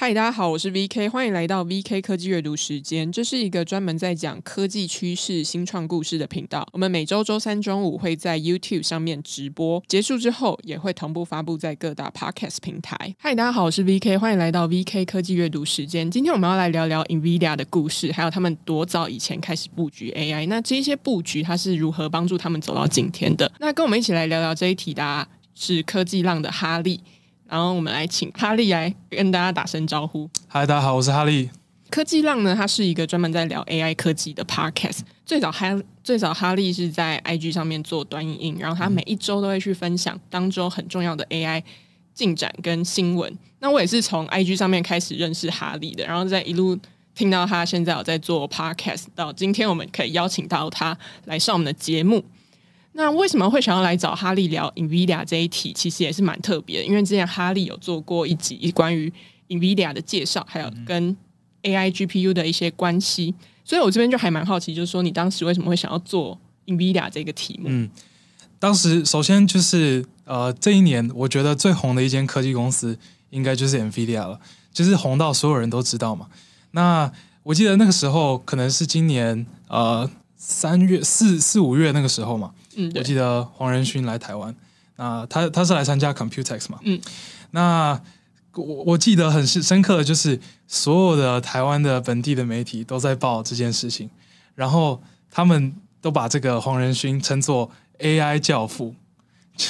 嗨，大家好，我是 VK，歡迎來到 VK 科技閱讀時間。這是一個專門在講科技趨勢、新創故事的頻道。我們每周周三中午會在 YouTube 上面直播，結束之後也會同步發布在各大 Podcast 平台。嗨，大家好，我是 VK，歡迎來到 VK 科技閱讀時間。今天我們要來聊聊 NVIDIA 的故事，還有他們多早以前開始布局 AI。那這些布局，它是如何幫助他們走到今天的？那跟我們一起來聊聊這一題的，啊，是科技浪的哈利。然後我們來請哈利來跟大家打聲招呼。嗨，大家好，我是哈利。科技浪呢，它是一個專門在聊 AI 科技的 podcast。最早哈，最早哈利是在 IG 上面做短影音，然後他每一周都會去分享當週很重要的 AI 進展跟新聞。嗯。那我也是從 IG 上面開始認識哈利的，然後在一路聽到他現在有在做 podcast，到今天我們可以邀請到他來上我們的節目。那為什麼會想要來找哈利聊 NVIDIA 這一題？其實也是蠻特別的，因為之前哈利有做過一集關於 NVIDIA 的介紹，還有跟 AI GPU 的一些關係，所以我這邊就還蠻好奇，就是說你當時為什麼會想要做 NVIDIA 這個題目？嗯，當時首先就是呃，這一年我覺得最紅的一間科技公司應該就是 NVIDIA 了，就是紅到所有人都知道嘛。那我記得那個時候可能是今年呃三月、四、四、五月那個時候嘛。我記得黃仁勳來台灣，啊、嗯呃，他他是來參加 Computex 嘛。嗯。那我我記得很深深刻的就是，所有的台灣的本地的媒體都在報這件事情，然後他們都把這個黃仁勳稱作 AI 教父。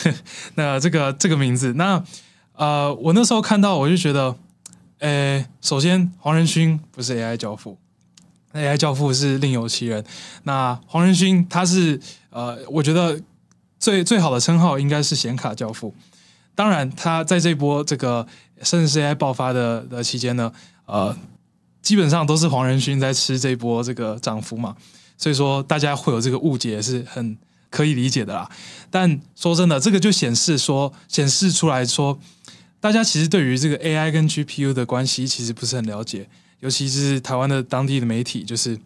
呵呵，那這個這個名字，那呃，我那時候看到我就覺得，誒，首先黃仁勳不是 AI 教父。AI 教父是另有其人，那黃仁勳他是呃，我覺得最最好的稱號應該是顯卡教父。當然，他在這波這個甚至 AI 爆發的的期間呢，呃，基本上都是黃仁勳在吃這一波這個漲幅嘛，所以說大家會有這個誤解是很可以理解的啦。但說真的，這個就顯示說，顯示出來說，大家其實對於這個 AI 跟 GPU 的關係其實不是很了解。尤其是台灣的當地的媒體，就是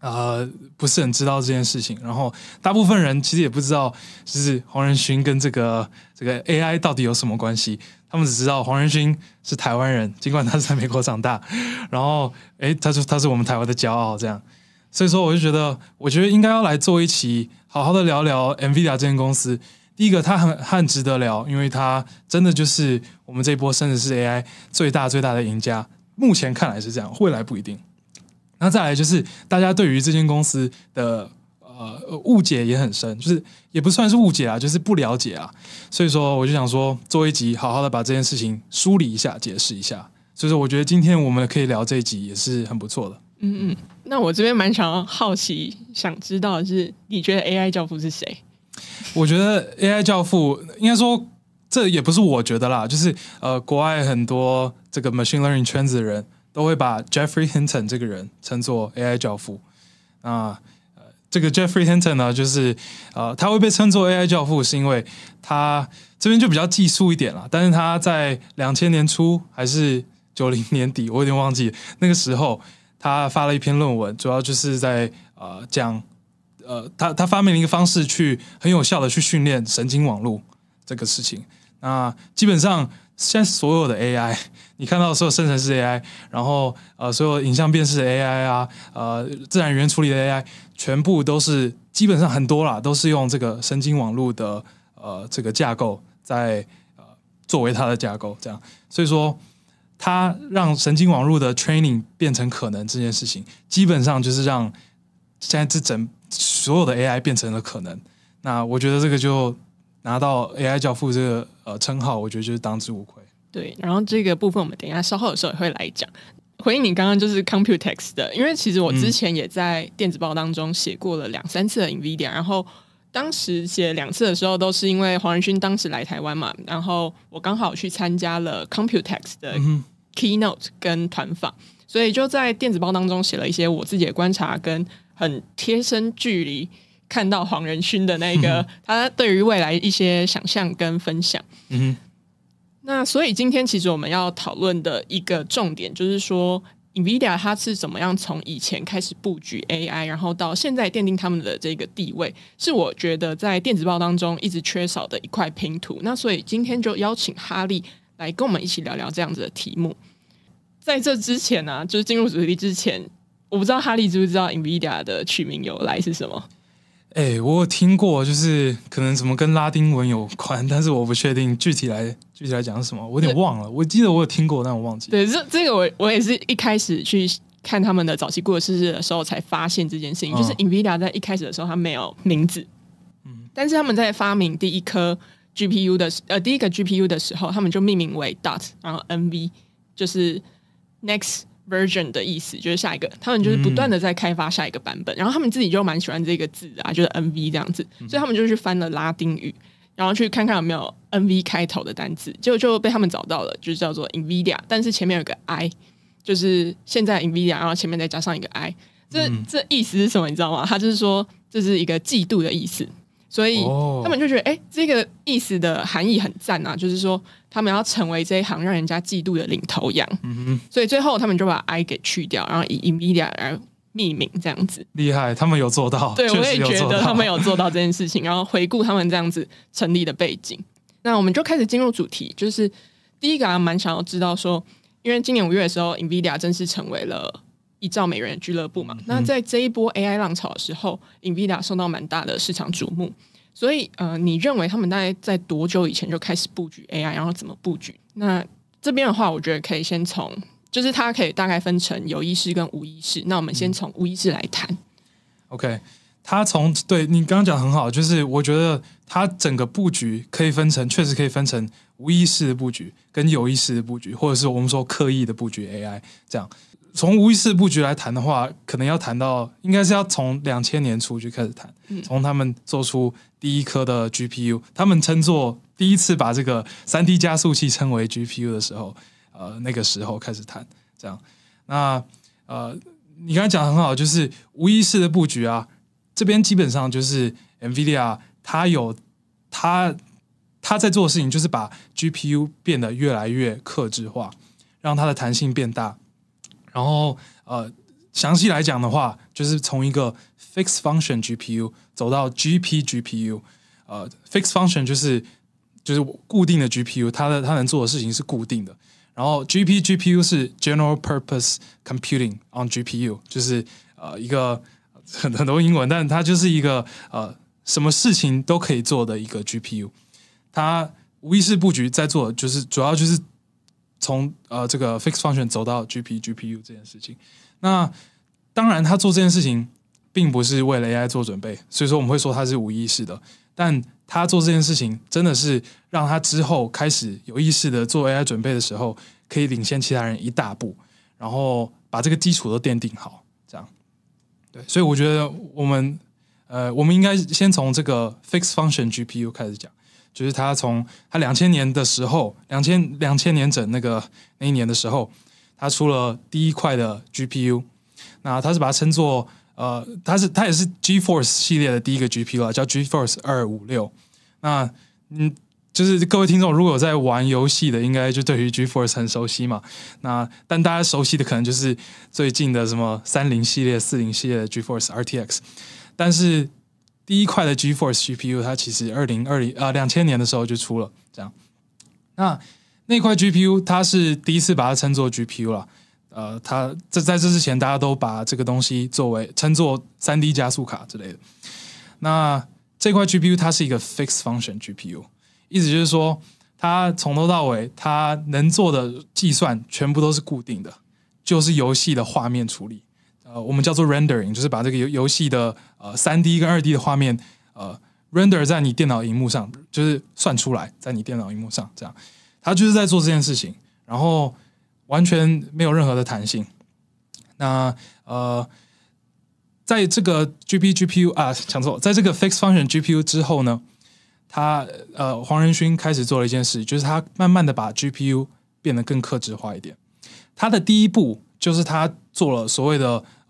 呃不是很知道這件事情。然後大部分人其實也不知道，就是黃仁勳跟這個這個 AI 到底有什麼關係。他們只知道黃仁勳是台灣人，儘管他是在美國長大。然後，誒，他說他是我們台灣的驕傲，這樣。所以說，我就覺得，我覺得應該要來做一期，好好的聊聊 NVIDIA 這間公司。第一個，他很他很值得聊，因為他真的就是我們這一波甚至是 AI 最大最大的贏家。目前看來是這樣，未來不一定。那再來就是，大家對於這間公司的呃誤解也很深，就是也不算是誤解啊，就是不了解啊。所以說，我就想說做一集，好好的把這件事情梳理一下，解釋一下。所以說，我覺得今天我們可以聊這一集也是很不錯的。嗯嗯，嗯那我這邊蠻想要好奇，想知道就是你覺得 AI 教父是誰？我覺得 AI 教父應該說這也不是我覺得啦，就是呃，國外很多。這個 machine learning 圈子的人都會把 Jeffrey Hinton 這個人稱作 AI 教父。那、呃、這個 Jeffrey Hinton 呢，就是呃，他會被稱作 AI 教父，是因為他這邊就比較技術一點了。但是他在兩千年初還是九零年底，我有點忘記那個時候，他發了一篇論文，主要就是在呃講呃他他發明了一個方式去很有效的去訓練神經網絡這個事情。那、呃、基本上現在所有的 AI 你看到所有生成式 AI，然後呃，所有影像辨識的 AI 啊，呃，自然語言處理的 AI，全部都是基本上很多啦，都是用這個神經網絡的呃這個架構在呃作為它的架構，這樣，所以說它讓神經網絡的 training 變成可能這件事情，基本上就是讓現在這整所有的 AI 變成了可能。那我覺得這個就拿到 AI 教父這個呃稱號，我覺得就是當之無愧。對，然後這個部分我們等一下稍後的時候也會來講。回應你剛剛就是 Computex 的，因為其實我之前也在電子報當中寫過了兩三次的 NVIDIA，嗯、然後當時寫兩次的時候都是因為黃仁勳當時來台灣嘛，然後我剛好去參加了 Computex 的 keynote 跟團訪，嗯、所以就在電子報當中寫了一些我自己的觀察跟很貼身距離看到黃仁勳的那個、嗯、他對於未來一些想象跟分享。嗯那所以今天其實我們要討論的一個重點，就是說，NVIDIA 它是怎麼樣從以前開始布局 AI，然後到現在奠定他們的這個地位，是我覺得在電子報當中一直缺少的一塊拼圖。那所以今天就邀請哈利來跟我們一起聊聊這樣子的題目。在這之前呢、啊，就是進入主題之前，我不知道哈利知不知道 NVIDIA 的取名由來是什麼？哎、欸，我有聽過，就是可能什麼跟拉丁文有關，但是我不確定具體來具體來講是什麼，我有點忘了。我記得我有聽過，但我忘記了。對，這這個我我也是一開始去看他們的早期故事的時候才發現這件事情、嗯，就是 NVIDIA 在一開始的時候它沒有名字，嗯，但是他們在發明第一顆 GPU 的時呃第一個 GPU 的時候，他們就命名為 Dot，然後 NV 就是 Next。Version 的意思就是下一個，他們就是不斷的在開發下一個版本，嗯、然後他們自己就蠻喜歡這個字啊，就是 NV 這樣子，所以他們就去翻了拉丁語，然後去看看有沒有 NV 開頭的單字，結果就被他們找到了，就是叫做 Nvidia，但是前面有個 I，就是現在 Nvidia，然後前面再加上一個 I，這、嗯、這意思是什麼？你知道嗎？他就是說這是一個嫉妒的意思。所以、oh. 他們就覺得，哎、欸，這個意思的含義很讚啊！就是說，他們要成為這一行讓人家嫉妒的領頭羊。嗯哼。所以最後他們就把 I 給去掉，然後以 NVIDIA 而命名這樣子。厲害，他們有做到。對，我也覺得他們有做到這件事情。然後回顧他們這樣子成立的背景， 那我們就開始進入主題，就是第一個還、啊、蠻想要知道說，因為今年五月的時候，NVIDIA 正式成為了。一兆美元的俱樂部嘛、嗯，那在這一波 AI 浪潮的時候 NVIDIA 受到蠻大的市場矚目。所以，呃，你認為他們大概在多久以前就開始布局 AI？然後怎麼布局？那這邊的話，我覺得可以先從，就是它可以大概分成有意識跟無意識。那我們先從無意識來談、嗯。OK，它從，對，你剛剛講很好，就是我覺得它整個布局可以分成，確實可以分成無意識的布局跟有意識的布局，或者是我們說刻意的布局 AI 這樣。從無意識布局來談的話，可能要談到，應該是要從兩千年初就開始談、嗯，從他們做出第一顆的 GPU，他們稱作第一次把這個三 D 加速器稱為 GPU 的時候，呃，那個時候開始談這樣。那呃，你剛才講得很好，就是無意識的布局啊，這邊基本上就是 NVIDIA，它有它它在做的事情，就是把 GPU 變得越來越客製化，讓它的彈性變大。然後呃，詳細來講的話，就是從一個 fixed function GPU 走到 GP GPU 呃。呃，fixed function 就是就是固定的 GPU，它的它能做的事情是固定的。然後 GP GPU 是 general purpose computing on GPU，就是呃一個很很多英文，但它就是一個呃什麼事情都可以做的一個 GPU。它無意識布局在做，就是主要就是。從呃這個 fix function 走到 GPGPU 這件事情，那當然他做這件事情並不是為了 AI 做準備，所以說我們會說他是無意識的，但他做這件事情真的是讓他之後開始有意識的做 AI 準備的時候，可以領先其他人一大步，然後把這個基礎都奠定好，這樣。對，所以我覺得我們呃我們應該先從這個 fix function GPU 開始講。就是他從他兩千年的時候，兩千兩千年整那個那一年的時候，他出了第一塊的 GPU，那他是把它稱作呃，他是他也是 GeForce 系列的第一個 GPU，叫 GeForce 二五六。那嗯，就是各位聽眾如果在玩遊戲的，應該就對於 GeForce 很熟悉嘛。那但大家熟悉的可能就是最近的什麼三零系列、四零系列的 GeForce RTX，但是。第一塊的 GeForce GPU，它其實二零二零呃兩千年的時候就出了。這樣，那那塊 GPU 它是第一次把它稱作 GPU 了，呃，它在在這之前，大家都把這個東西作為稱作三 D 加速卡之類的。那這塊 GPU 它是一個 Fixed Function GPU，意思就是說它從頭到尾它能做的計算全部都是固定的，就是遊戲的畫面處理。呃，我們叫做 rendering，就是把這個遊遊戲的呃三 D 跟二 D 的畫面，呃 render 在你電腦熒幕上，就是算出來在你電腦熒幕上這樣，他就是在做這件事情，然後完全沒有任何的彈性。那呃，在這個 g p GPU 啊，講錯，在這個 fixed function GPU 之後呢，他呃黃仁勳開始做了一件事，就是他慢慢的把 GPU 變得更克制化一點。他的第一步就是他做了所謂的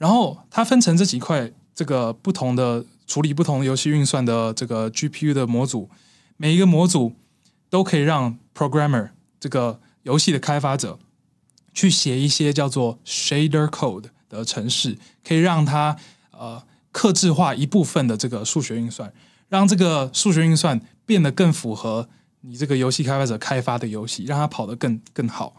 然後它分成這幾塊，這個不同的處理不同遊戲運算的這個 GPU 的模組，每一個模組都可以讓 programmer 這個遊戲的開發者去寫一些叫做 shader code 的程式，可以讓他呃客製化一部分的這個數學運算，讓這個數學運算變得更符合你這個遊戲開發者開發的遊戲，讓它跑得更更好。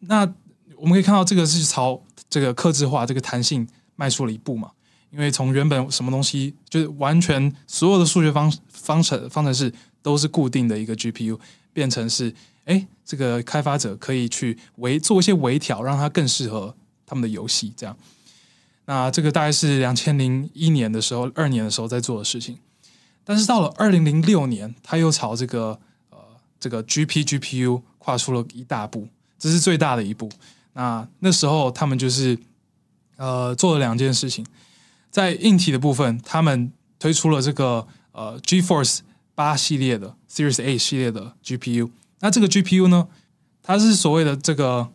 那我們可以看到這個是朝。這個客製化，這個彈性邁出了一步嘛？因為從原本什麼東西就是完全所有的數學方方程方程式都是固定的一個 GPU，變成是誒，這個開發者可以去微做一些微調，讓它更適合他們的遊戲這樣。那這個大概是兩千零一年的時候，二年的時候在做的事情。但是到了二零零六年，他又朝這個呃這個 GP GPU 跨出了一大步，這是最大的一步。那那時候他們就是，呃，做了兩件事情，在硬體的部分，他們推出了這個呃，GeForce 八系列的 Series 8系列的 GPU。那這個 GPU 呢，它是所謂的這個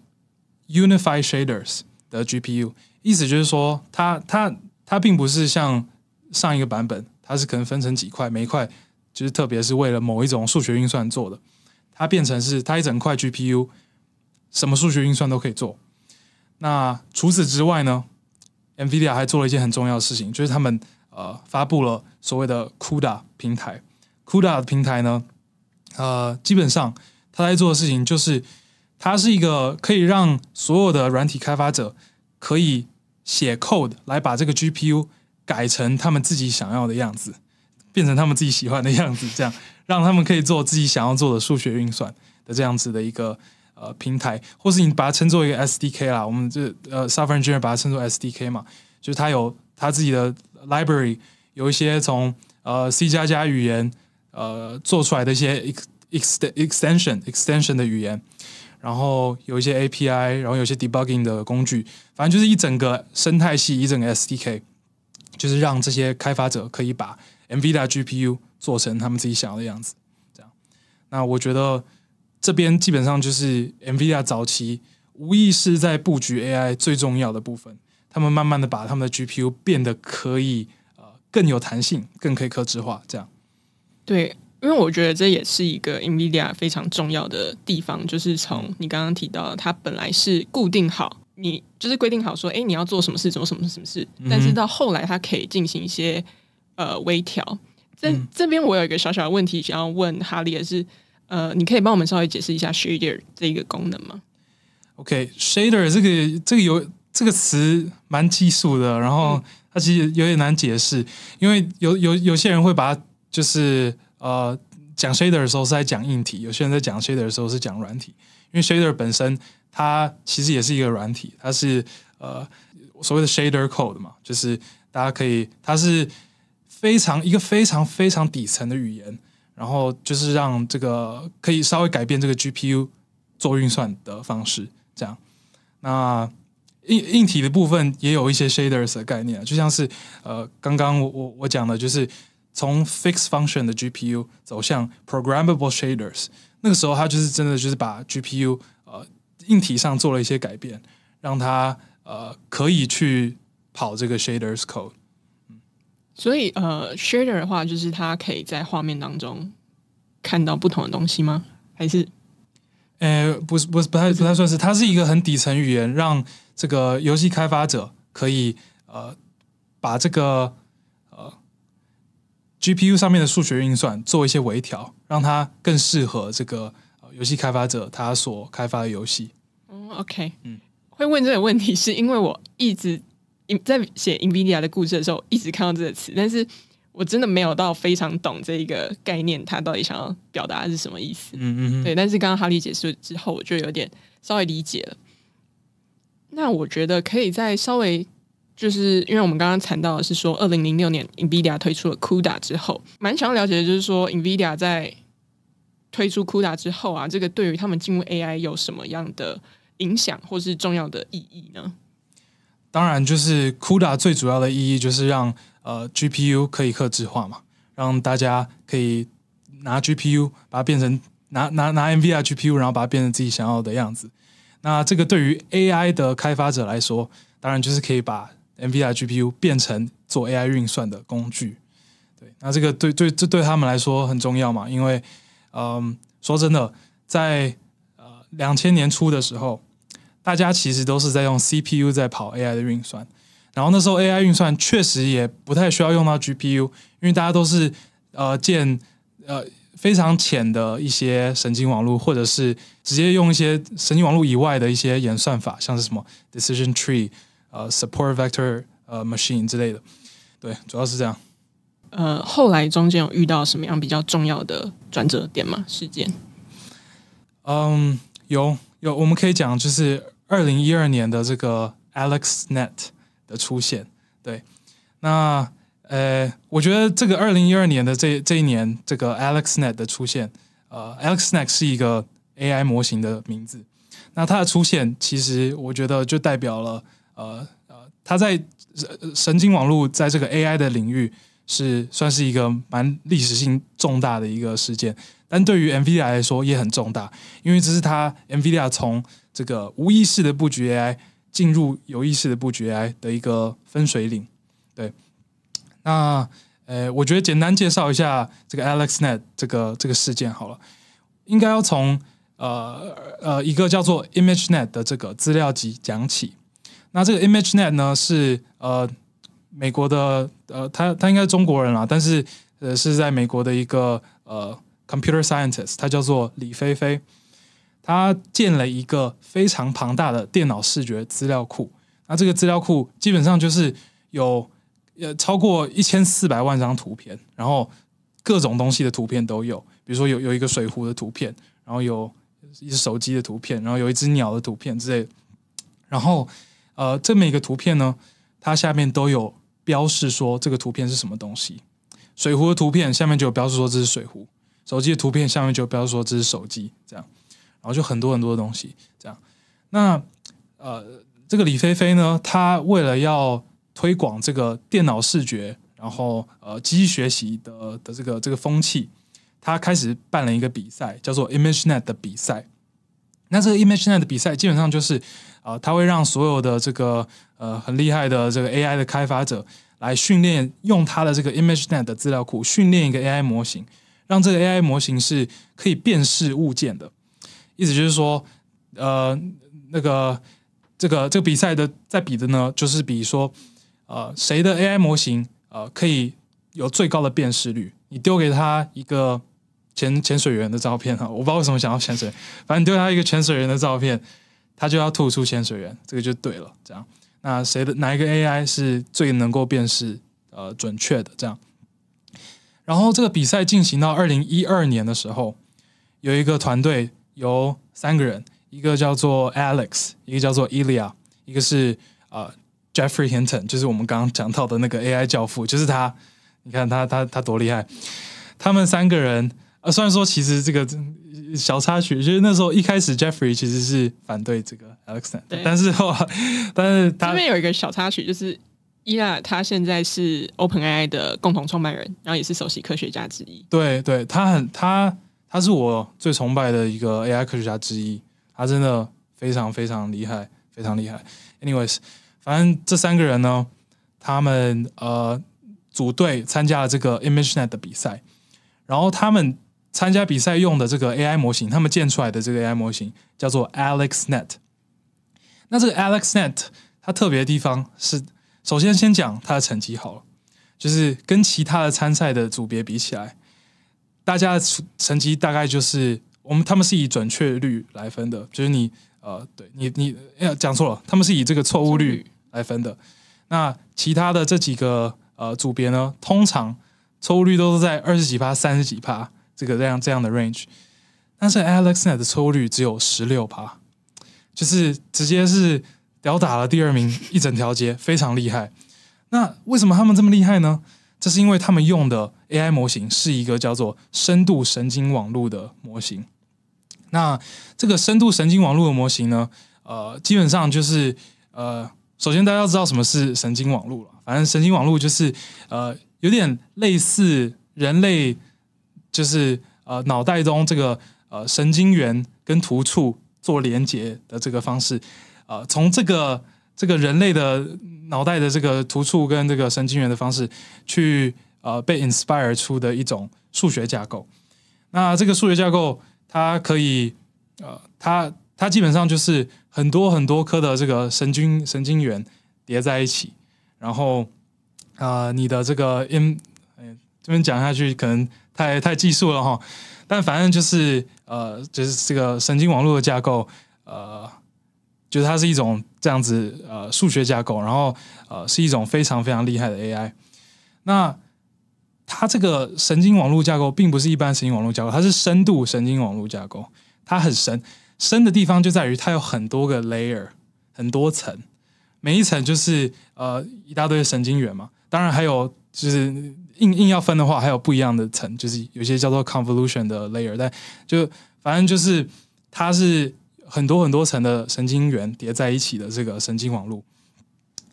Unified Shaders 的 GPU，意思就是說，它它它並不是像上一個版本，它是可能分成幾塊，每一塊就是特別是為了某一種數學運算做的，它變成是它一整塊 GPU。什麼數學運算都可以做。那除此之外呢？NVIDIA 還做了一件很重要的事情，就是他們呃發布了所謂的 CUDA 平台。CUDA 的平台呢，呃，基本上它在做的事情就是，它是一個可以讓所有的軟體開發者可以寫 code 來把這個 GPU 改成他們自己想要的樣子，變成他們自己喜歡的樣子，這樣 讓他們可以做自己想要做的數學運算的這樣子的一個。呃，平台，或是你把它稱作一個 SDK 啦，我們這呃，software engineer 把它稱作 SDK 嘛，就是它有它自己的 library，有一些從呃 C 加加語言呃做出來的一些 ext extension extension 的語言，然後有一些 API，然後有一些 debugging 的工具，反正就是一整個生態系，一整個 SDK，就是讓這些開發者可以把 NVIDIA GPU 做成他們自己想要的樣子，這樣。那我覺得。這邊基本上就是 NVIDIA 早期無意識在布局 AI 最重要的部分，他們慢慢的把他們的 GPU 變得可以呃更有彈性，更可以客製化。這樣對，因為我覺得這也是一個 NVIDIA 非常重要的地方，就是從你剛剛提到，它本來是固定好，你就是規定好說，哎、欸，你要做什麼事，做什麼什麼事，嗯、但是到後來它可以進行一些呃微調、嗯。這這邊我有一個小小的問題想要問哈利，也是。呃，你可以幫我們稍微解釋一下 shader 這一個功能嗎？OK，shader 這個這個有這個詞蠻技術的，然後它其實有點難解釋，嗯、因為有有有些人會把它就是呃講 shader 的時候是在講硬體，有些人在講 shader 的時候是講軟體，因為 shader 本身它其實也是一個軟體，它是呃所謂的 shader code 嘛，就是大家可以它是非常一個非常非常底層的語言。然後就是讓這個可以稍微改變這個 GPU 做運算的方式，這樣。那硬硬體的部分也有一些 shaders 的概念，就像是呃剛剛我我我講的，就是從 fixed function 的 GPU 走向 programmable shaders，那個時候它就是真的就是把 GPU 呃硬體上做了一些改變，讓它呃可以去跑這個 shaders code。所以呃，shader 的話，就是它可以在畫面當中看到不同的東西嗎？還是？呃、欸，不是，不是不太，不是，不太算是，它是一個很底層語言，讓這個遊戲開發者可以呃把這個呃 GPU 上面的數學運算做一些微調，讓它更適合這個遊戲開發者他所開發的遊戲。嗯，OK，嗯，會問這個問題是因為我一直。在寫 NVIDIA 的故事的時候，一直看到這個詞，但是我真的沒有到非常懂這一個概念，它到底想要表達的是什麼意思？嗯嗯，嗯。對，但是剛剛哈利解釋之後，我就有點稍微理解了。那我覺得可以再稍微就是，因為我們剛剛談到的是說，二零零六年 NVIDIA 推出了 CUDA 之後，蠻想要了解的就是說，NVIDIA 在推出 CUDA 之後啊，這個對於他們進入 AI 有什麼樣的影響或是重要的意義呢？當然，就是 CUDA 最主要的意義就是讓呃 GPU 可以客製化嘛，讓大家可以拿 GPU 把它變成拿拿拿 NVIDIA GPU 然後把它變成自己想要的樣子。那這個對於 AI 的開發者來說，當然就是可以把 NVIDIA GPU 變成做 AI 運算的工具。對，那這個對對這對他們來說很重要嘛，因為嗯，說真的，在呃兩千年初的時候。大家其實都是在用 CPU 在跑 AI 的運算，然後那時候 AI 運算確實也不太需要用到 GPU，因為大家都是呃建呃非常淺的一些神經網絡，或者是直接用一些神經網絡以外的一些演算法，像是什麼 decision tree 呃、呃 support vector 呃 machine 之類的，對，主要是這樣。呃，後來中間有遇到什麼樣比較重要的轉折點嗎？事件？嗯，有有，我們可以講就是。二零一二年的這個 AlexNet 的出現，對，那呃，我覺得這個二零一二年的這這一年，這個 AlexNet 的出現，呃，AlexNet 是一個 AI 模型的名字。那它的出現，其實我覺得就代表了，呃呃，它在神經網絡在這個 AI 的領域是算是一個蠻歷史性重大的一個事件。但對於 NVIDIA 來說也很重大，因為這是它 NVIDIA 從這個無意識的布局 AI 進入有意識的布局 AI 的一個分水嶺，對。那呃，我覺得簡單介紹一下這個 AlexNet 這個這個事件好了。應該要從呃呃一個叫做 ImageNet 的這個資料集講起。那這個 ImageNet 呢是呃美國的呃他他應該是中國人啦，但是呃是在美國的一個呃 Computer Scientist，他叫做李飛飛。他建了一個非常龐大的電腦視覺資料庫，那這個資料庫基本上就是有呃超過一千四百萬張圖片，然後各種東西的圖片都有，比如說有有一個水壺的圖片，然後有一只手機的圖片，然後有一只鳥的圖片之類。然後,一的的然後呃，這每個圖片呢，它下面都有標示說這個圖片是什麼東西，水壺的圖片下面就有標示說這是水壺，手機的圖片下面就標示說這是手機，這樣。然後就很多很多的東西，這樣。那呃，這個李飛飛呢，他為了要推廣這個電腦視覺，然後呃，機器學習的的這個這個風氣，他開始辦了一個比賽，叫做 ImageNet 的比賽。那這個 ImageNet 的比賽，基本上就是啊，他、呃、會讓所有的這個呃很厲害的這個 AI 的開發者來訓練，用他的這個 ImageNet 的資料庫訓練一個 AI 模型，讓這個 AI 模型是可以辨識物件的。意思就是說，呃，那個這個這個比賽的在比的呢，就是比說，呃，誰的 AI 模型呃可以有最高的辨識率？你丟給他一個潛潛水員的照片哈，我不知道為什麼想要潛水，反正丟他一個潛水員的照片，他就要吐出潛水員，這個就對了。這樣，那誰的哪一個 AI 是最能夠辨識呃準確的？這樣，然後這個比賽進行到二零一二年的時候，有一個團隊。有三個人，一個叫做 Alex，一個叫做伊利亞，一個是啊、uh, Jeffrey Hinton 就是我們剛剛講到的那個 AI 教父，就是他。你看他他他多厲害！他們三個人啊，雖然說其實這個小插曲，就是那時候一開始 Jeffrey 其實是反對這個 Alex 的，但是呵呵但是他們有一個小插曲，就是伊利亞他現在是 OpenAI 的共同創辦人，然後也是首席科學家之一。對，對他很他。他是我最崇拜的一個 AI 科學家之一，他真的非常非常厲害，非常厲害。Anyways，反正這三個人呢，他們呃組隊參加了這個 ImageNet 的比賽，然後他們參加比賽用的這個 AI 模型，他們建出來的這個 AI 模型叫做 AlexNet。那這個 AlexNet 它特別的地方是，首先先講它的成績好了，就是跟其他的參賽的組別比起來。大家的成績大概就是我們他們是以準確率來分的，就是你呃，對你你哎、呃，講錯了，他們是以這個錯誤率來分的。那其他的這幾個呃組別呢，通常錯誤率都是在二十幾趴、三十幾趴這個這樣這樣的 range。但是 AlexNet 的錯誤率只有十六趴，就是直接是吊打了第二名一整條街， 非常厲害。那為什麼他們這麼厲害呢？這是因為他們用的 AI 模型是一個叫做深度神經網絡的模型。那這個深度神經網絡的模型呢，呃，基本上就是呃，首先大家要知道什麼是神經網絡了。反正神經網絡就是呃，有點類似人類就是呃，腦袋中這個呃神經元跟突觸做連接的這個方式。呃，從這個。這個人類的腦袋的這個突觸跟這個神經元的方式去呃被 inspire 出的一種數學架構，那這個數學架構它可以呃它它基本上就是很多很多顆的這個神經神經元疊在一起，然後呃你的這個嗯這邊講下去可能太太技術了哈，但反正就是呃就是這個神經網絡的架構呃。就是它是一種這樣子呃數學架構，然後呃是一種非常非常厲害的 AI。那它這個神經網絡架構並不是一般神經網絡架構，它是深度神經網絡架構。它很深。深的地方就在於它有很多個 layer，很多層，每一層就是呃一大堆神經元嘛。當然還有就是硬硬要分的話，還有不一樣的層，就是有些叫做 convolution 的 layer，但就反正就是它是。很多很多層的神經元疊在一起的這個神經網絡。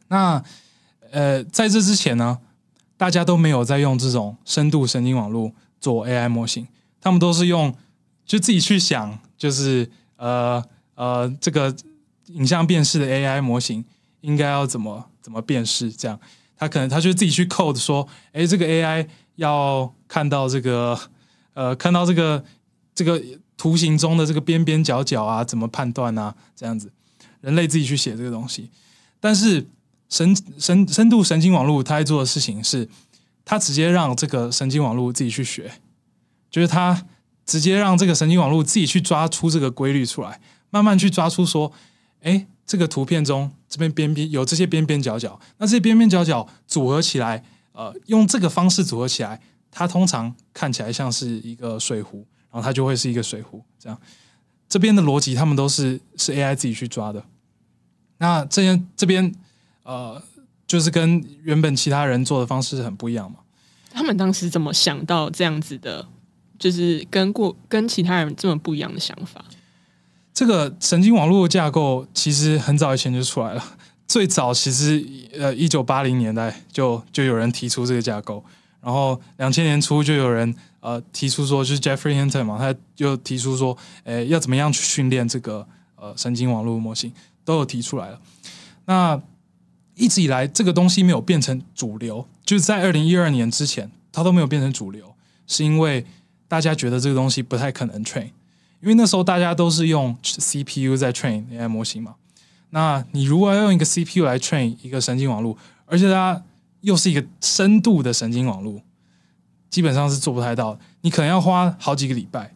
那呃，在這之前呢，大家都沒有在用這種深度神經網絡做 AI 模型，他們都是用就自己去想，就是呃呃，這個影像辨識的 AI 模型應該要怎麼怎麼辨識，這樣他可能他就自己去 code 說，誒，這個 AI 要看到這個呃，看到這個這個。圖形中的這個邊邊角角啊，怎麼判斷呢、啊？這樣子，人類自己去寫這個東西，但是神神深度神經網絡它在做的事情是，它直接讓這個神經網絡自己去學，就是它直接讓這個神經網絡自己去抓出這個規律出來，慢慢去抓出說，哎，這個圖片中這邊邊邊有這些邊邊角角，那這些邊邊角角組合起來，呃，用這個方式組合起來，它通常看起來像是一個水壺。然後它就會是一個水壺，這樣。這邊的邏輯，他們都是是 AI 自己去抓的。那這邊這邊呃，就是跟原本其他人做的方式很不一樣嘛。他們當時怎麼想到這樣子的，就是跟過跟其他人這麼不一樣的想法？這個神經網絡的架構其實很早以前就出來了，最早其實呃，一九八零年代就就有人提出這個架構，然後兩千年初就有人。呃，提出說就是 Jeffrey Hinton 嘛，他就提出說，誒，要怎麼樣去訓練這個呃神經網絡的模型，都有提出來了。那一直以來這個東西沒有變成主流，就是在二零一二年之前，它都沒有變成主流，是因為大家覺得這個東西不太可能 train，因為那時候大家都是用 CPU 在 train AI 模型嘛。那你如果要用一個 CPU 來 train 一個神經網絡，而且它又是一個深度的神經網絡。基本上是做不太到的，你可能要花好幾個禮拜，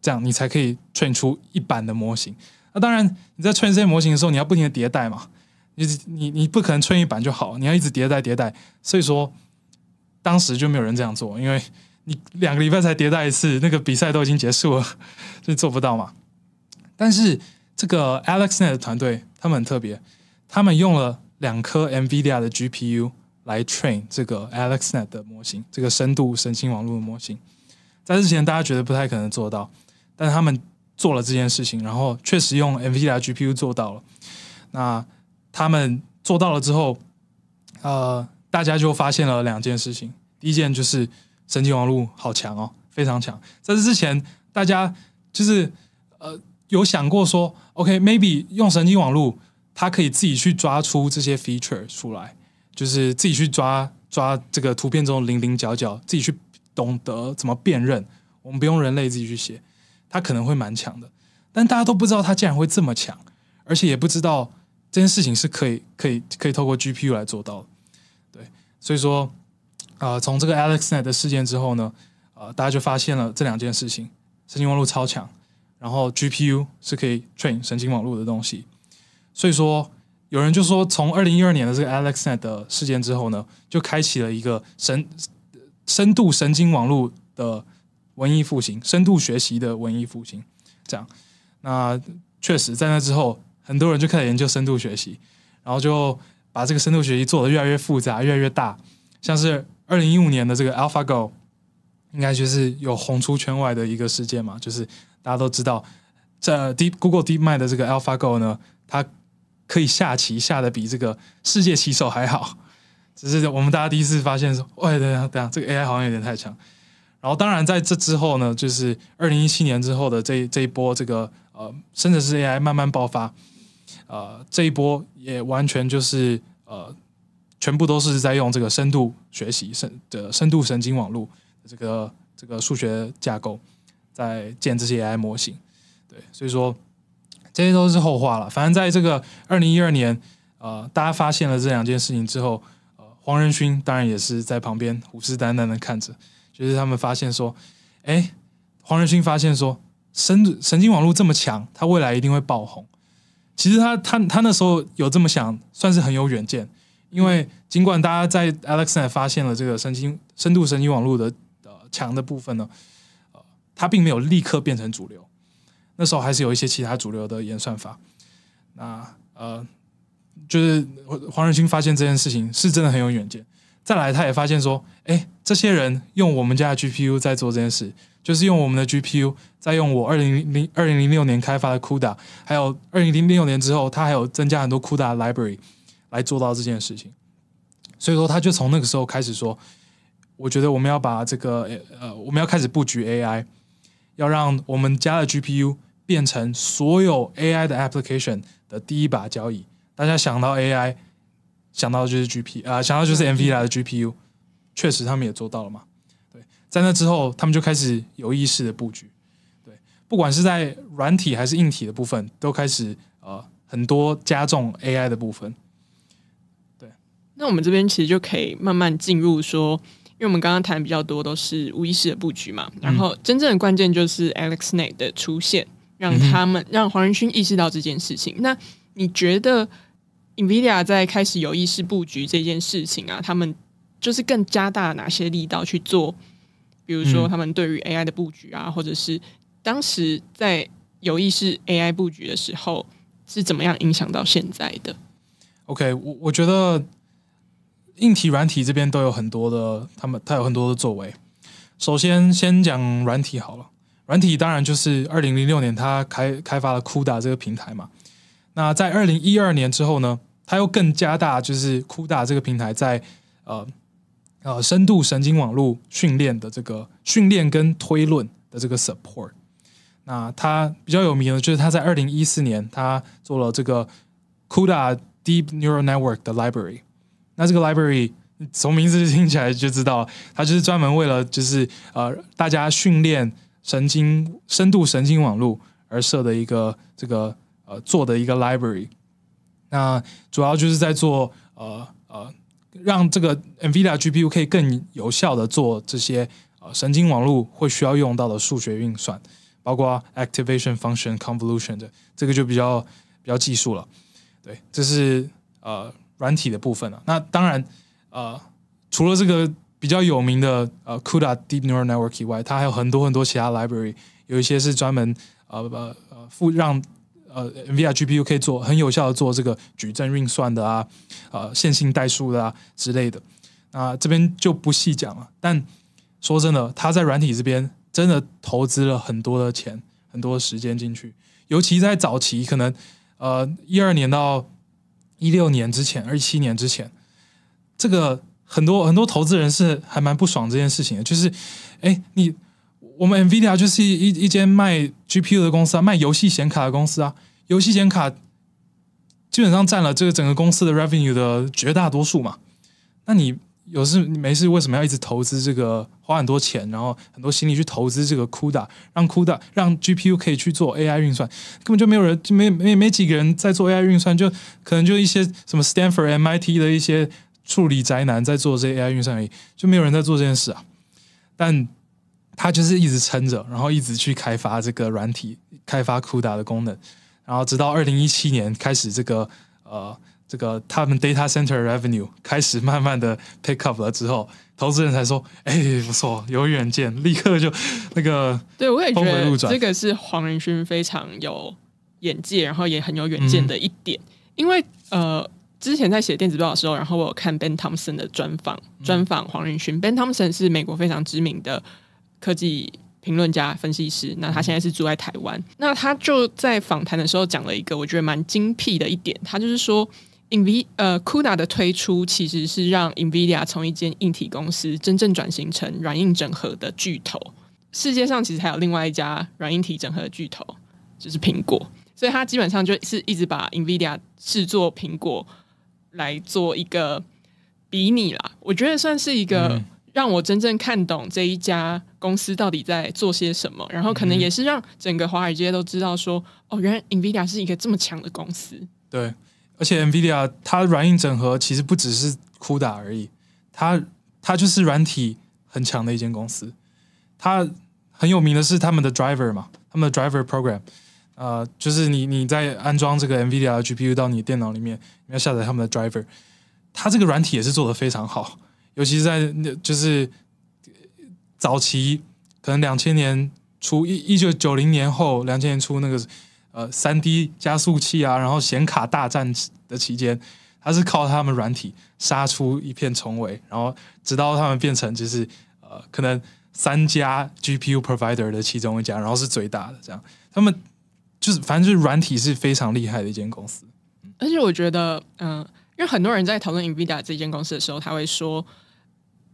這樣你才可以 train 出一版的模型。那、啊、當然，你在 train 這些模型的時候，你要不停的迭代嘛，你你你不可能 train 一版就好，你要一直迭代迭代。所以說，當時就沒有人這樣做，因為你兩個禮拜才迭代一次，那個比賽都已經結束了，呵呵就做不到嘛。但是這個 AlexNet 的團隊他們很特別，他們用了兩顆 NVIDIA 的 GPU。來 train 這個 AlexNet 的模型，這個深度神經網絡的模型，在之前大家覺得不太可能做到，但是他們做了這件事情，然後確實用 NVIDIA GPU 做到了。那他們做到了之後，呃，大家就發現了兩件事情。第一件就是神經網絡好強哦，非常強。在這之前，大家就是呃有想過說，OK，maybe、okay, 用神經網絡，它可以自己去抓出這些 feature 出來。就是自己去抓抓這個圖片中的零零角角，自己去懂得怎麼辨認。我們不用人類自己去寫，它可能會蠻強的。但大家都不知道它竟然會這麼強，而且也不知道這件事情是可以可以可以透過 GPU 來做到的。對，所以說啊、呃，從這個 AlexNet 的事件之後呢，啊、呃，大家就發現了這兩件事情：神經網絡超強，然後 GPU 是可以 train 神經網絡的東西。所以說。有人就說，從二零一二年的這個 AlexNet 的事件之後呢，就開啟了一個深深度神經網絡的文藝復興，深度學習的文藝復興。這樣，那確實，在那之後，很多人就開始研究深度學習，然後就把這個深度學習做得越來越複雜，越來越大。像是二零一五年的這個 AlphaGo，應該就是有紅出圈外的一個事件嘛，就是大家都知道，在 Deep Google DeepMind 的這個 AlphaGo 呢，它。可以下棋，下的比這個世界棋手還好，只是我們大家第一次發現說，哎，對呀，對呀，這個 AI 好像有點太強。然後，當然在這之後呢，就是二零一七年之後的這這一波，這個呃，生成式 AI 慢慢爆發，呃，這一波也完全就是呃，全部都是在用這個深度學習深的、呃、深度神經網絡這個這個數學架構在建這些 AI 模型，對，所以說。這些都是後話了。反正在這個二零一二年，呃，大家發現了這兩件事情之後，呃，黃仁勳當然也是在旁邊虎視眈眈眈的看着，就是他們發現說，哎，黃仁勳發現說，深神，神經網絡這麼強，他未來一定會爆紅。其實他他他那時候有這麼想，算是很有遠見，因為儘管大家在 AlexNet 發現了這個神經深度神經網絡的呃強的部分呢，呃，它並沒有立刻變成主流。那時候還是有一些其他主流的演算法，那呃，就是黃仁勳發現這件事情是真的很有遠見。再來，他也發現說，哎、欸，這些人用我們家的 GPU 在做這件事，就是用我們的 GPU，在用我二零零二零零六年開發的 CUDA，還有二零零六年之後，他還有增加很多 CUDA library 來做到這件事情。所以說，他就從那個時候開始說，我覺得我們要把這個呃，我們要開始布局 AI。要讓我們家的 GPU 變成所有 AI 的 application 的第一把交椅，大家想到 AI 想到就是 GP 啊、呃，想到就是 NV 來的 GPU，確實他們也做到了嘛。對，在那之後，他們就開始有意識的布局，對，不管是在軟體還是硬體的部分，都開始呃很多加重 AI 的部分。對，那我們這邊其實就可以慢慢進入說。因為我們剛剛談比較多都是無意識的布局嘛，嗯、然後真正的關鍵就是 AlexNet 的出現，讓他們、嗯、讓黃仁勳意識到這件事情。那你覺得 NVIDIA 在開始有意識布局這件事情啊，他們就是更加大哪些力道去做？比如說他們對於 AI 的布局啊，嗯、或者是當時在有意識 AI 布局的時候是怎麼樣影響到現在的？OK，我我覺得。硬體、軟體這邊都有很多的，他們他有很多的作為。首先，先講軟體好了。軟體當然就是二零零六年他開開發了 CUDA 這個平台嘛。那在二零一二年之後呢，他又更加大就是 CUDA 這個平台在呃呃深度神經網絡訓練的這個訓練跟推論的這個 support。那他比較有名的就是他在二零一四年他做了這個 CUDA Deep Neural Network 的 library。那這個 library 從名字就聽起來就知道，它就是專門為了就是呃大家訓練神經深度神經網絡而設的一個這個呃做的一個 library。那主要就是在做呃呃讓這個 NVIDIA GPU 可以更有效的做這些呃神經網絡會需要用到的數學運算，包括 activation function convolution 的，這個就比較比較技術了。對，這是呃。軟體的部分啊，那當然，呃，除了這個比較有名的呃 CUDA Deep Neural Network 以外，它還有很多很多其他 library，有一些是專門呃呃呃，讓呃 V R G P U 可以做很有效的做這個矩陣運算的啊，呃，線性代數的啊之類的，那這邊就不細講了。但說真的，它在軟體這邊真的投資了很多的錢，很多的時間進去，尤其在早期，可能呃一二年到。一六年之前，二七年之前，這個很多很多投資人是還蠻不爽這件事情的，就是，哎，你我們 NVIDIA 就是一一間賣 GPU 的公司啊，賣遊戲顯卡的公司啊，遊戲顯卡基本上佔了這個整個公司的 revenue 的絕大多數嘛，那你。有事沒事為什麼要一直投資這個花很多錢，然後很多心力去投資這個 CUDA，讓 CUDA 讓 GPU 可以去做 AI 運算，根本就沒有人，就沒沒沒幾個人在做 AI 運算，就可能就一些什麼 Stanford、MIT 的一些處理宅男在做這些 AI 運算而已，就沒有人在做這件事啊。但他就是一直撐着，然後一直去開發這個軟體，開發 CUDA 的功能，然後直到二零一七年開始這個呃。這個他們 data center revenue 開始慢慢的 pick up 了之後，投資人才說：“哎、欸，不錯，有遠見。”立刻就那個對我也覺得這個是黃仁勳非常有眼界，然後也很有遠見的一點。嗯、因為呃，之前在寫電子報的時候，然後我有看 Ben Thompson 的專訪，專訪黃仁勳、嗯。Ben Thompson 是美國非常知名的科技評論家、分析師。那他現在是住在台灣。嗯、那他就在訪談的時候講了一個我覺得蠻精闢的一點，他就是說。NVIDIA、呃、CUDA 的推出其實是讓 NVIDIA 從一間硬體公司真正轉型成軟硬整合的巨頭。世界上其實還有另外一家軟硬體整合的巨頭，就是蘋果。所以他基本上就是一直把 NVIDIA 制作蘋果來做一個比擬啦。我覺得算是一個讓我真正看懂這一家公司到底在做些什麼，嗯、然後可能也是讓整個華爾街都知道說，哦，原來 NVIDIA 是一個這麼強的公司。對。而且 NVIDIA 它軟硬整合其實不只是酷 a 而已，它它就是軟體很強的一間公司。它很有名的是他們的 driver 嘛，他們的 driver program，呃，就是你你在安裝這個 NVIDIA GPU 到你電腦裡面，你要下載他們的 driver。它這個軟體也是做的非常好，尤其是在就是早期，可能兩千年初，一一九九零年後，兩千年初那個。呃，3D 加速器啊，然後顯卡大戰的期間，他是靠他們軟體殺出一片重圍，然後直到他們變成就是呃，可能三家 GPU provider 的其中一家，然後是最大的這樣。他們就是反正就是軟體是非常厲害的一間公司。而且我覺得，嗯、呃，因為很多人在討論 NVIDIA 這間公司的時候，他會說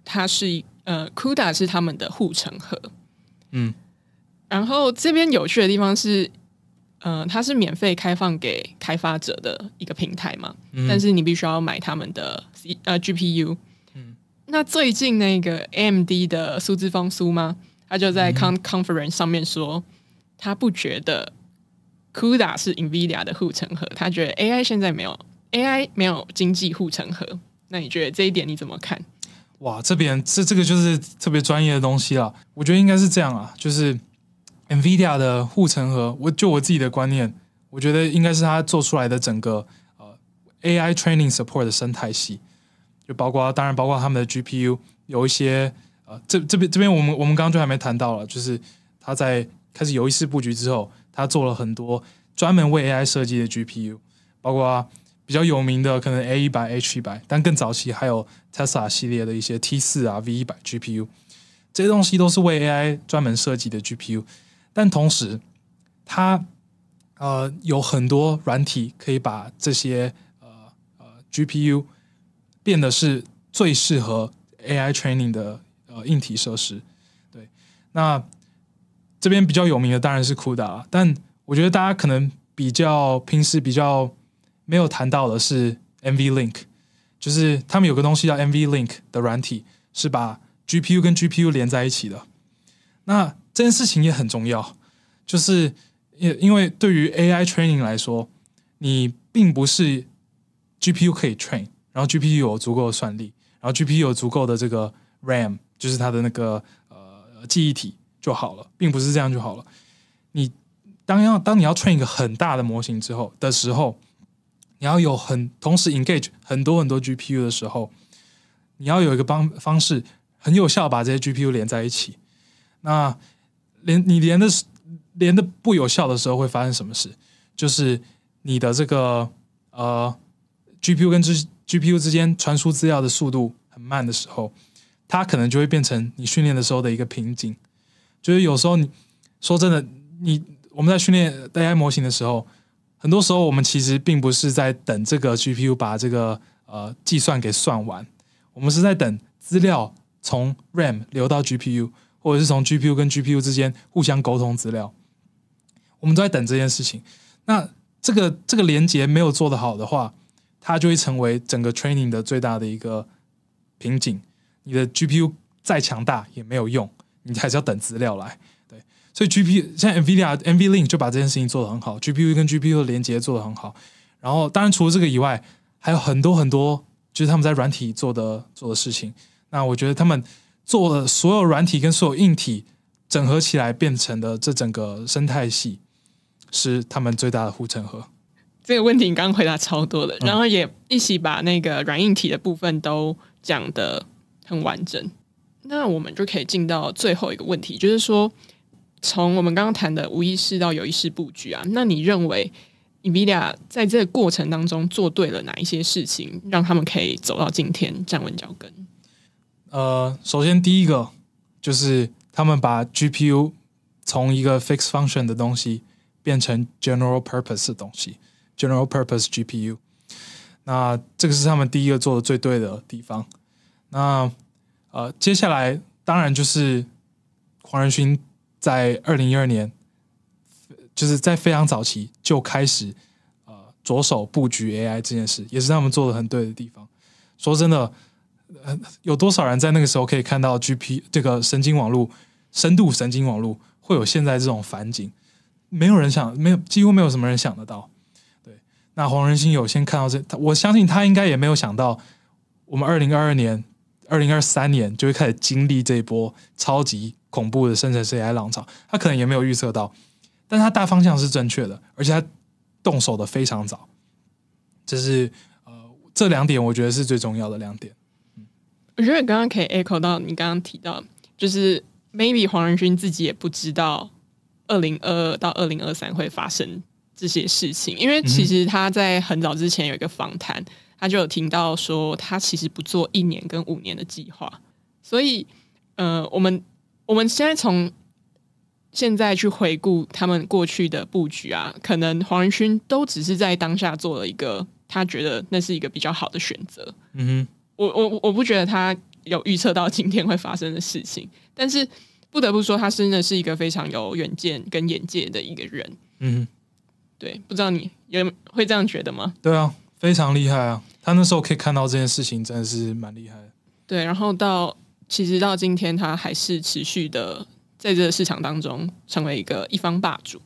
他是呃，CUDA 是他們的護城河。嗯，然後這邊有趣的地方是。嗯、呃，它是免費開放給開發者的一個平台嘛？嗯、但是你必須要買他們的 C, 呃 GPU。嗯，那最近那個 AMD 的蘇姿豐蘇嗎？他就在 Con Conference 上面說，他、嗯、不覺得 CUDA 是 NVIDIA 的護城河，他覺得 AI 現在沒有，AI 沒有經濟護城河。那你覺得這一點你怎麼看？哇，這邊這這個就是特別專業的東西了。我覺得應該是這樣啊，就是。NVIDIA 的護城河，我就我自己的觀念，我覺得應該是它做出來的整個呃 AI training support 的生態系，就包括當然包括他們的 GPU 有一些呃這這邊這邊我們我們剛剛就還沒談到了，就是他在開始有意識布局之後，他做了很多專門為 AI 設計的 GPU，包括、啊、比較有名的可能 A100 H100，但更早期還有 Tesla 系列的一些 T4 啊 V100 GPU，這些東西都是為 AI 專門設計的 GPU。但同時，它呃有很多軟體可以把這些呃呃 GPU 變得是最適合 AI training 的呃硬體設施。對，那這邊比較有名的當然是 CUDA，但我覺得大家可能比較平時比較沒有談到的是 NVLink，就是他們有個東西叫 NVLink 的軟體，是把 GPU 跟 GPU 連在一起的。那這件事情也很重要，就是因因為對於 AI training 來說，你並不是 GPU 可以 train，然後 GPU 有足夠的算力，然後 GPU 有足夠的這個 RAM，就是它的那個呃記憶體就好了，並不是這樣就好了。你當要當你要 train 一個很大的模型之後的時候，你要有很同時 engage 很多很多 GPU 的時候，你要有一個幫方式很有效把這些 GPU 連在一起。那，連你連的連的不有效的時候會發生什麼事？就是你的這個呃 GPU 跟 G GPU 之間傳輸資料的速度很慢的時候，它可能就會變成你訓練的時候的一個瓶頸。就是有時候你，說真的，你，我們在訓練 AI 模型的時候，很多時候我們其實並不是在等這個 GPU 把這個呃計算給算完，我們是在等資料從 RAM 流到 GPU。或者是從 GPU 跟 GPU 之間互相溝通資料，我們都在等這件事情。那這個這個連接沒有做得好的話，它就會成為整個 training 的最大的一個瓶頸。你的 GPU 再強大也沒有用，你還是要等資料來。對，所以 GPU 像 NVIDIA、NVLink 就把這件事情做得很好，GPU 跟 GPU 的連接做得很好。然後當然除了這個以外，還有很多很多就是他們在軟體做的做的事情。那我覺得他們。做了所有軟體跟所有硬體整合起來，變成的這整個生態系是他們最大的護城河。這個問題你剛剛回答超多的、嗯，然後也一起把那個軟硬體的部分都講得很完整。那我們就可以進到最後一個問題，就是說從我們剛剛談的無意識到有意識布局啊，那你認為 NVIDIA 在這個過程當中做對了哪一些事情，讓他們可以走到今天，站穩腳跟？呃，首先第一個就是他們把 GPU 從一個 fixed function 的東西變成 general purpose 的東西，general purpose GPU。那這個是他們第一個做的最對的地方。那呃，接下來當然就是黃仁勳在二零一二年，就是在非常早期就開始呃着手布局 AI 這件事，也是他們做的很對的地方。說真的。有多少人在那個時候可以看到 G P 這個神經網絡、深度神經網絡會有現在這種反景？沒有人想，沒有幾乎沒有什麼人想得到。對，那黃仁心有先看到這他，我相信他應該也沒有想到，我們二零二二年、二零二三年就會開始經歷這一波超級恐怖的生成 C i 浪潮。他可能也沒有預測到，但他大方向是正確的，而且他動手的非常早。這、就是呃，這兩點我覺得是最重要的兩點。我覺得剛剛可以 echo 到你剛剛提到，就是 maybe 黃仁勳自己也不知道二零二二到二零二三會發生這些事情，因為其實他在很早之前有一個訪談，嗯、他就有聽到說他其實不做一年跟五年的計劃，所以呃，我們我們現在從現在去回顧他們過去的布局啊，可能黃仁勳都只是在當下做了一個他覺得那是一個比較好的選擇，嗯哼。我我我不覺得他有預測到今天會發生的事情，但是不得不說他，他真的是一個非常有遠見跟眼界的一個人。嗯，對，不知道你也會這樣覺得嗎？對啊，非常厲害啊！他那時候可以看到這件事情，真的是蠻厲害。對，然後到其實到今天，他還是持續的在這個市場當中成為一個一方霸主。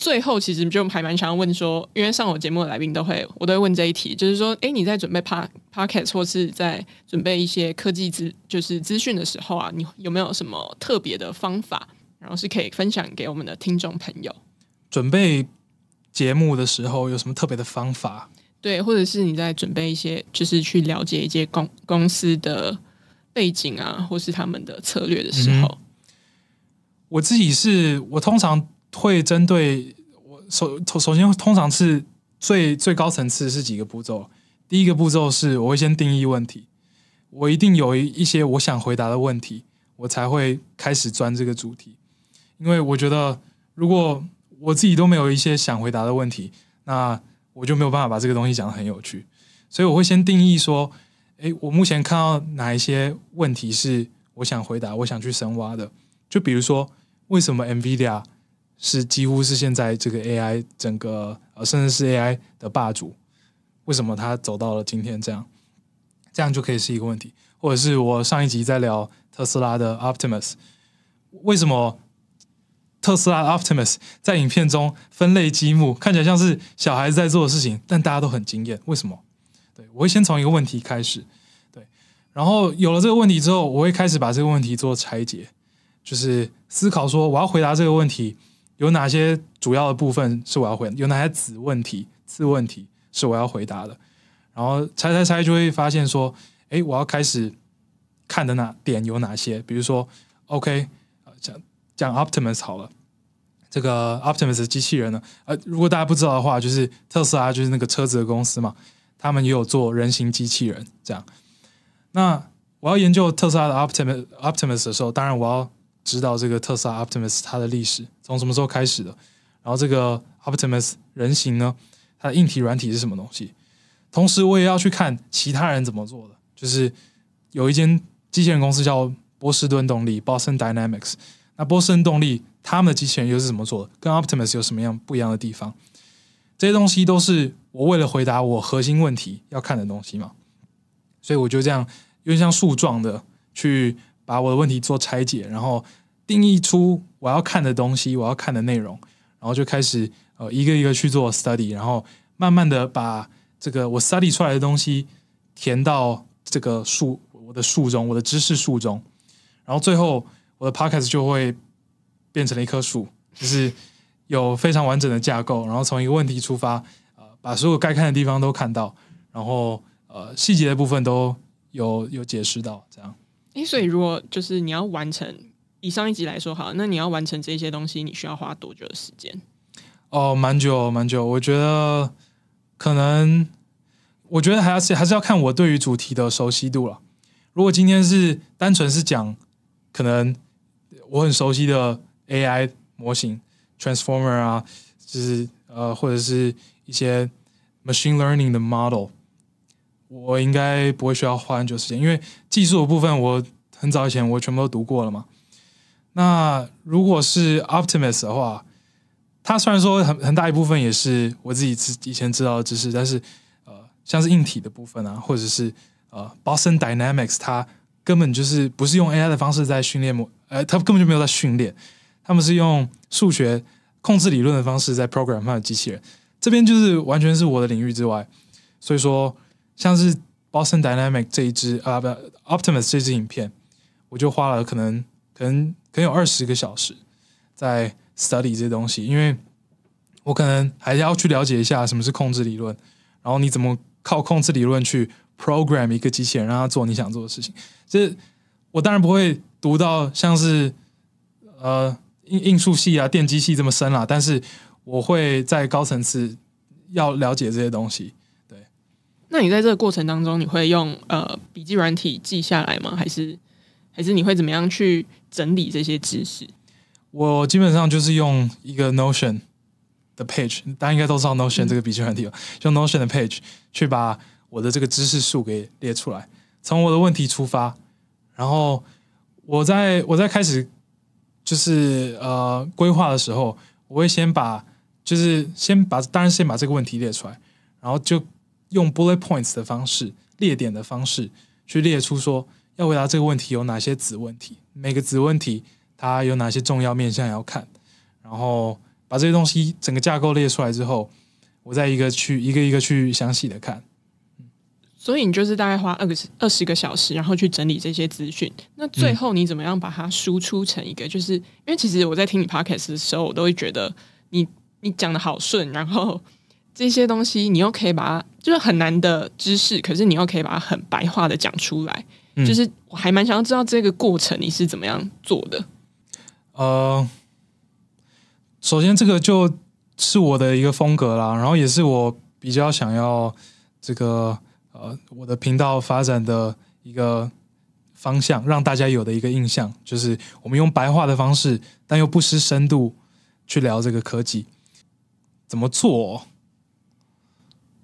最後其實就還蠻想要問說，因為上我節目的來賓都會，我都會問這一題，就是說，哎、欸，你在準備 podcast 或是在準備一些科技資，就是資訊的時候啊，你有沒有什麼特別的方法，然後是可以分享給我們的聽眾朋友？準備節目的時候有什麼特別的方法？對，或者是你在準備一些，就是去了解一些公公司的背景啊，或是他們的策略的時候，嗯、我自己是我通常。會針對我首首首先通常是最最高層次是幾個步驟。第一個步驟是我會先定義問題，我一定有一一些我想回答的問題，我才會開始鑽這個主題。因為我覺得如果我自己都沒有一些想回答的問題，那我就沒有辦法把這個東西講得很有趣。所以我會先定義說，誒，我目前看到哪一些問題是我想回答、我想去深挖的。就比如說，為什麼 NVIDIA？是幾乎是現在這個 AI 整個，呃，甚至是 AI 的霸主，為什麼它走到了今天這樣？這樣就可以是一個問題，或者是我上一集在聊特斯拉的 Optimus，為什麼特斯拉 Optimus 在影片中分類積木，看起來像是小孩子在做的事情，但大家都很驚艷，為什麼？對，我會先從一個問題開始，對，然後有了這個問題之後，我會開始把這個問題做拆解，就是思考說我要回答這個問題。有哪些主要的部分是我要回答？有哪些子問題、次問題是我要回答的？然後拆拆拆就會發現說：誒，我要開始看的那點有哪些？比如說，OK，講講 Optimus 好了。這個 Optimus 機器人呢？呃，如果大家不知道的話，就是特斯拉就是那個車子的公司嘛，他們也有做人形機器人。這樣，那我要研究特斯拉的 Optimus Optimus 的時候，當然我要。知道這個特斯拉 Optimus 它的歷史從什麼時候開始的，然後這個 Optimus 人形呢，它的硬體軟體是什麼東西？同時我也要去看其他人怎麼做的，就是有一間機器人公司叫波士頓動力 （Boston Dynamics），那波士頓動力他們的機器人又是怎麼做的？跟 Optimus 有什麼樣不一樣的地方？這些東西都是我為了回答我核心問題要看的東西嘛。所以我就這樣有點像樹狀的去。把我的問題做拆解，然後定義出我要看的東西，我要看的內容，然後就開始呃一個一個去做 study，然後慢慢的把這個我 study 出來的東西填到這個樹我的樹中，我的知識樹中，然後最後我的 podcast 就會變成了一棵樹，就是有非常完整的架構，然後從一個問題出發，呃把所有該看的地方都看到，然後呃細節的部分都有有解釋到，這樣。哎，所以如果就是你要完成以上一集來說哈，那你要完成這些東西，你需要花多久的時間？哦，蠻久，蠻久。我覺得可能，我覺得還要是還是要看我對於主題的熟悉度了。如果今天是單純是講可能我很熟悉的 AI 模型 Transformer 啊，就是呃或者是一些 Machine Learning 的 model。我應該不會需要花很久時間，因為技術的部分我很早以前我全部都讀過了嘛。那如果是 Optimus 的話，它雖然說很很大一部分也是我自己自以前知道的知識，但是呃，像是硬體的部分啊，或者是呃，Boston Dynamics，它根本就是不是用 AI 的方式在訓練，呃，它根本就沒有在訓練，他們是用數學控制理論的方式在 program 化的機器人，這邊就是完全是我的領域之外，所以說。像是 Boston Dynamic 這一支啊，不 Optimus 這支影片，我就花了可能可能可能有二十個小時在 study 這些東西，因為我可能還要去了解一下什麼是控制理論，然後你怎麼靠控制理論去 program 一個機器人，讓它做你想做的事情。這我當然不會讀到像是呃應應數系啊、電機系這麼深啦，啊，但是我會在高層次要了解這些東西。那你在這個過程當中，你會用呃筆記軟體記下來嗎？還是還是你會怎麼樣去整理這些知識？我基本上就是用一個 Notion 的 page，大家應該都知道 Notion 這個筆記軟體吧？用 Notion 的 page 去把我的這個知識樹給列出來，從我的問題出發，然後我在我在開始就是呃規劃的時候，我會先把就是先把當然先把這個問題列出來，然後就。用 bullet points 的方式，列點的方式去列出說，說要回答這個問題有哪些子問題，每個子問題它有哪些重要面向要看，然後把這些東西整個架構列出來之後，我再一個去一個一個去詳細的看。所以你就是大概花二個二十個小時，然後去整理這些資訊。那最後你怎麼樣把它輸出成一個？就是因為其實我在聽你 Podcast 的時候，我都會覺得你你講得好順，然後這些東西你又可以把它。就是很難的知識，可是你又可以把它很白話的講出來。嗯。就是我還蠻想要知道這個過程你是怎麼樣做的。呃，首先這個就是我的一個風格啦，然後也是我比較想要這個呃我的頻道發展的一個方向，讓大家有的一個印象，就是我們用白話的方式，但又不失深度去聊這個科技怎麼做。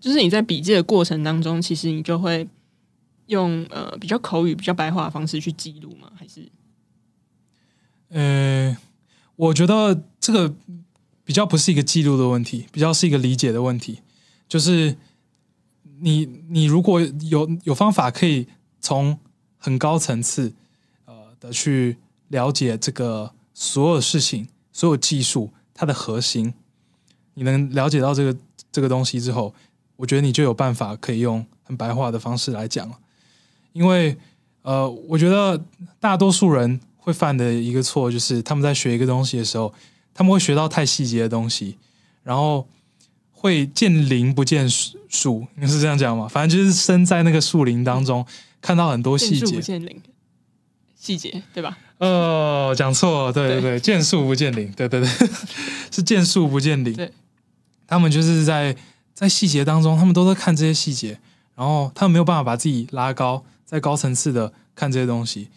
就是你在筆記的過程當中，其實你就會用呃比較口語、比較白話的方式去記錄嗎？還是？呃，我覺得這個比較不是一個記錄的問題，比較是一個理解的問題。就是你你如果有有方法可以從很高層次呃的去了解這個所有事情、所有技術它的核心，你能了解到這個這個東西之後。我覺得你就有辦法可以用很白話的方式來講了，因為呃，我覺得大多數人會犯的一個錯就是他們在學一個東西的時候，他們會學到太細節的東西，然後會見林不見樹，你是這樣講嗎？反正就是身在那個樹林當中，看到很多細節，見樹不見林，細節對吧？哦，呃，講錯了，對對對，對，見樹不見林，對對對，是見樹不見林，對，他們就是在。在細節當中，他們都在看這些細節，然後他們沒有辦法把自己拉高，在高層次的看這些東西。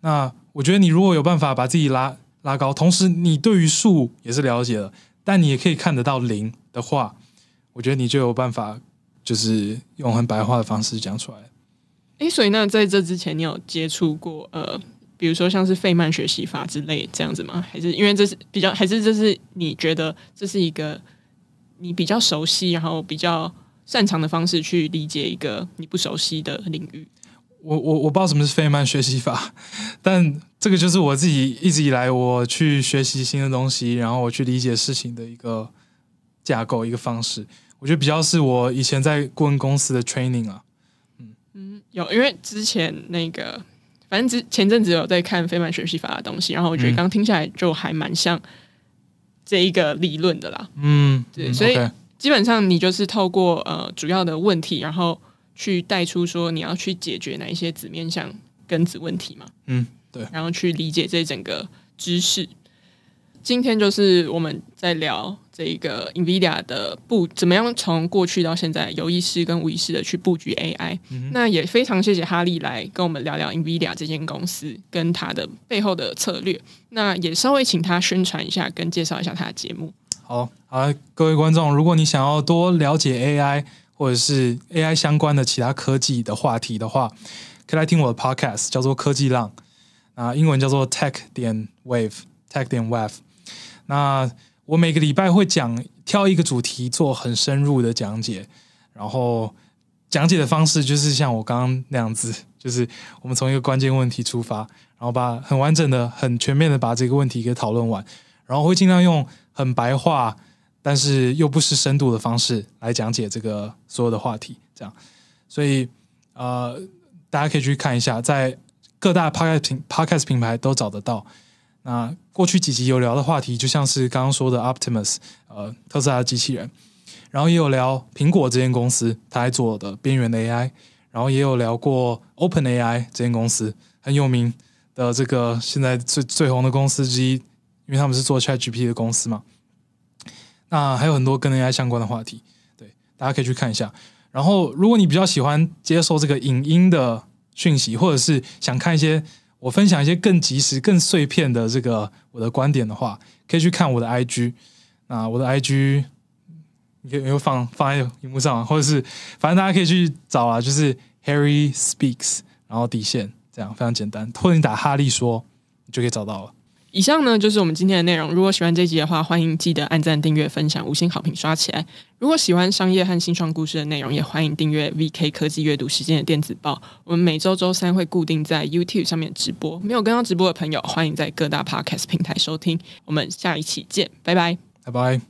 那我覺得，你如果有辦法把自己拉拉高，同時你對於數也是了解了，但你也可以看得到零的話，我覺得你就有辦法，就是用很白話的方式講出來。誒、欸，所以那在這之前，你有接觸過呃，比如說像是費曼學習法之類這樣子嗎？還是因為這是比較，還是這是你覺得這是一個？你比較熟悉，然後比較擅長的方式去理解一個你不熟悉的領域。我我我不知道什麼是費曼學習法，但這個就是我自己一直以來我去學習新的東西，然後我去理解事情的一個架構，一個方式。我覺得比較是我以前在顧問公司的 training 啊，嗯嗯，有因為之前那個反正之前陣子有在看費曼學習法的東西，然後我覺得剛剛聽起來就還蠻像。嗯這一個理論的啦，嗯，對，嗯、所以基本上你就是透過、嗯 okay、呃主要的問題，然後去帶出說你要去解決哪一些子面向跟子問題嘛，嗯，對，然後去理解這整個知識。今天就是我們在聊這一個 NVIDIA 的布怎麼樣？從過去到現在，有意識跟無意識的去布局 AI，嗯。那也非常謝謝哈利來跟我們聊聊 NVIDIA 這間公司跟它的背後的策略。那也稍微請他宣傳一下，跟介紹一下他的節目。好好，各位觀眾，如果你想要多了解 AI 或者是 AI 相關的其他科技的話題的話，可以來聽我的 podcast，叫做《科技浪》，啊，英文叫做 Tech 點 Wave，Tech 點 Wave。那我每個禮拜會講，挑一個主題做很深入的講解，然後講解的方式就是像我剛剛那樣子，就是我們從一個關鍵問題出發，然後把很完整的、很全面的把這個問題給討論完，然後會盡量用很白話，但是又不失深度的方式來講解這個所有的話題。這樣，所以呃，大家可以去看一下，在各大 podcast podcast 品牌都找得到。那過去幾集有聊的話題，就像是剛剛說的 Optimus，呃，特斯拉機器人，然後也有聊蘋果這間公司，它還做的邊緣 AI，然後也有聊過 OpenAI 這間公司，很有名的這個現在最最紅的公司之一，因為他們是做 ChatGPT 的公司嘛。那還有很多跟 AI 相關的話題，對，大家可以去看一下。然後，如果你比較喜歡接受這個影音的訊息，或者是想看一些。我分享一些更及時、更碎片的這個我的觀點的話，可以去看我的 IG，啊，我的 IG，你可以放放在屏幕上，或者是反正大家可以去找啊，就是 Harry speaks，然後底線，這樣非常簡單，或者你打哈利說，你就可以找到了。以上呢，就是我們今天的內容。如果喜歡這集的話，歡迎記得按讚、訂閱、分享、五星好評刷起來。如果喜歡商業和新創故事的內容，也歡迎訂閱 VK 科技閱讀時間的電子報。我們每周周三會固定在 YouTube 上面直播，沒有跟到直播的朋友，歡迎在各大 Podcast 平台收聽。我們下一期見，拜拜，拜拜。